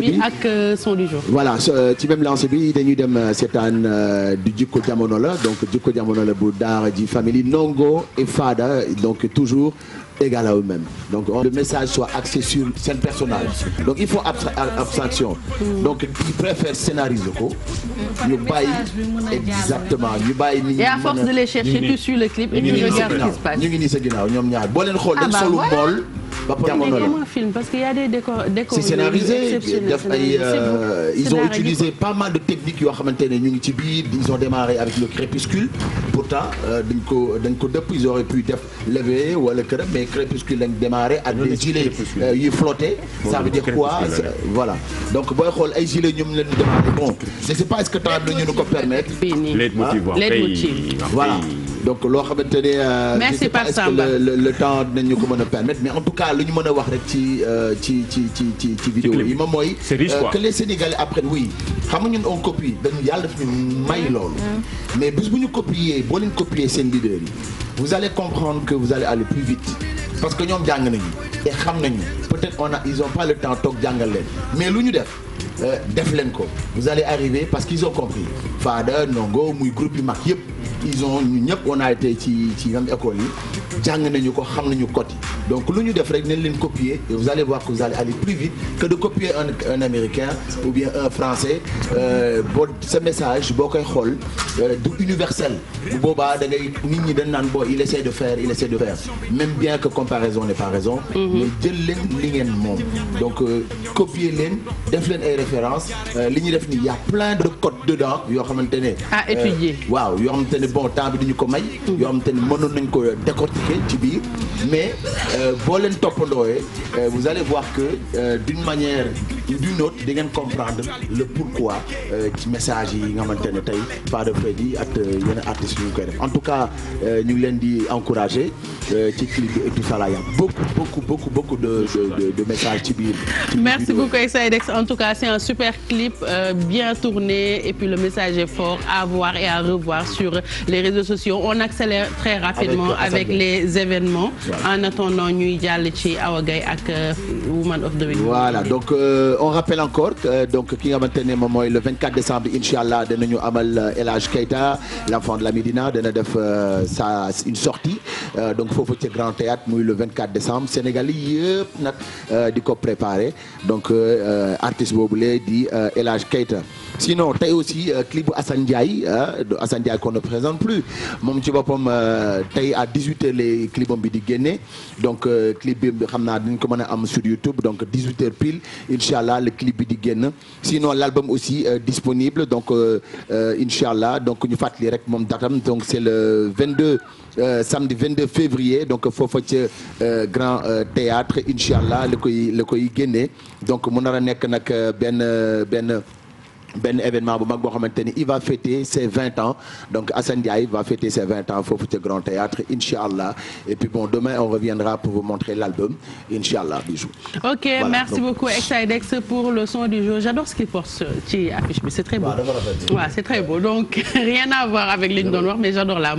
bi ak euh, son du jour. voilà euh, ci même lancé bi dañuy dem euh, seetaan du jikko jamono la donc jikko jamono la bu daara ji famille Ndongo et Fada donc toujours égal à eux-mêmes donc le message soit axé sur seen personnage donc il faut abstra abstraction mm. donc ils préfèrent scénariser ko. ñu bàyyi exactement ñu bàyyi nit ñi. et à force de les chercher tout sur le clip. ñu ngi nii sa ginnaaw ñu ngi nii sa ginnaaw ñoom ñaar boo leen xool ah jamono la film parce que y a des décors décors. scénarisé def euh, ils ont utilisé pas mal de techniques yoo xamante ne ñu ngi ci biir ils ont démarré avec le crépuscule pourtant euh, dañ ko dañ ko dëpp ils auraient pu def lever wala kër mais crépuscule lañ démarré ak des gilets euh, yu flotté ça veut dire quoi voilà donc booy xool ay gilets ñoom lañu démarré bon je ce que temps nañu ñu ko permettre voilà donc loo xamante ne. Euh, merci par Samba est-ce que le temps dinañu ko mën a permettre mais en tout cas lu ñu mën a wax rek ci euh, ci ci ci ci ci vidéo yi moom mooy. c'est riche euh, quoi que les Sénégalais après oui xam nga ñun on copie dañu yàlla daf ñu may loolu. mais bis bu ñu copier boo leen copier seen leader yi vous allez comprendre que vous allez aller plus vite. parce que ñoom jàng nañu. te xam nañu peut-être on a ils ont pas le temps toog jàngal mais lu ñu def. Euh, def leen ko vous arriver parce qu'ils ont compris Fada Ndongo muy groupe yu mag yëpp ils ont ñu ñëpp on a ci ci même école yi jàng nañu ko xam nañu code yi donc lu ñu def rek nañ leen copier et vous allez voir que vous allez aller plus vite que de copier un américain ou bien un français euh, boo sa message boo koy xool euh, du universel bu boobaa da ngay nit ñi dañ naan boo il essaie de faire il essaie de faire même bien que comparaison n'est pas raison mm-hmm. jël leen li ngeen moom donc euh, copier leen def leen ay références li ñu def ni y a plein de codes dedans yoo xamante ne à étudier waaw yoo xamante ne bon temps bi duñu ko may mm-hmm. yoo xamante ne mënoon nañ ko décortiquer nekkee ci biir mais euh, boo leen toppandooyee euh, vous allez voir que euh, d'une manière d'une autre di ngeen comprendre le pourquoi euh, ci message yi nga xamante ne tey de Freddy ak euh, yenn artistes yu en tout cas euh, ñu ngi leen di encourager ci clip bi et tout ça là y a beaucoup beaucoup beaucoup beaucoup de de ci biir. en tout cas c'est un super clip bien tourné et le message est fort à voir et à revoir sur les réseaux sociaux on accélère très rapidement avec les événements en attendant ñuy jàll ci Awa Gaye ak Woman of the Week. Euh, on rappelle encore que euh, ki nga xamante ne moom mooy le 24 décembre incha allah danañu amal euh, El Hadj Keita l'enfant de la Médina dana def sa une sortie Euh, donc foofu ca Grand Théâtre muy le 24 décembre Sénégal yi yëpp nag euh, di ko préparé donc euh, artiste boobu lee di El Hadj Keita sinon tey aussi clip bu Assane Ndiaye Assane Ndiaye qu'on ne présente plus moom ci boppam tey à 18h les clipam bi di génne donc clip bi xam naa dañ ko mën a am sur YouTube donc 18h pile incha allah le clip bi di génn sinon l'album aussi disponible donc incha allah donc ñu fàttali rek moom datam donc c'est le 22. Euh, samedi 22 février donc foofa ca euh, grand euh, théâtre incha allah la koy la koy génnee donc mu nar a nekk nag benn benn. benn événement bu mag boo xamante ni il va fêter ses 20 ans donc Assane Ndiaye va fêter ses 20 ans foofu ca Grand Théâtre incha allah et puis bon demain on reviendra pour vous montrer l'album incha allah bisous. ok merci donc. beaucoup Exidex pour le son du jour j'adore ce qu'il porte ci affiche bi c'est très beau. donc rien à voir avec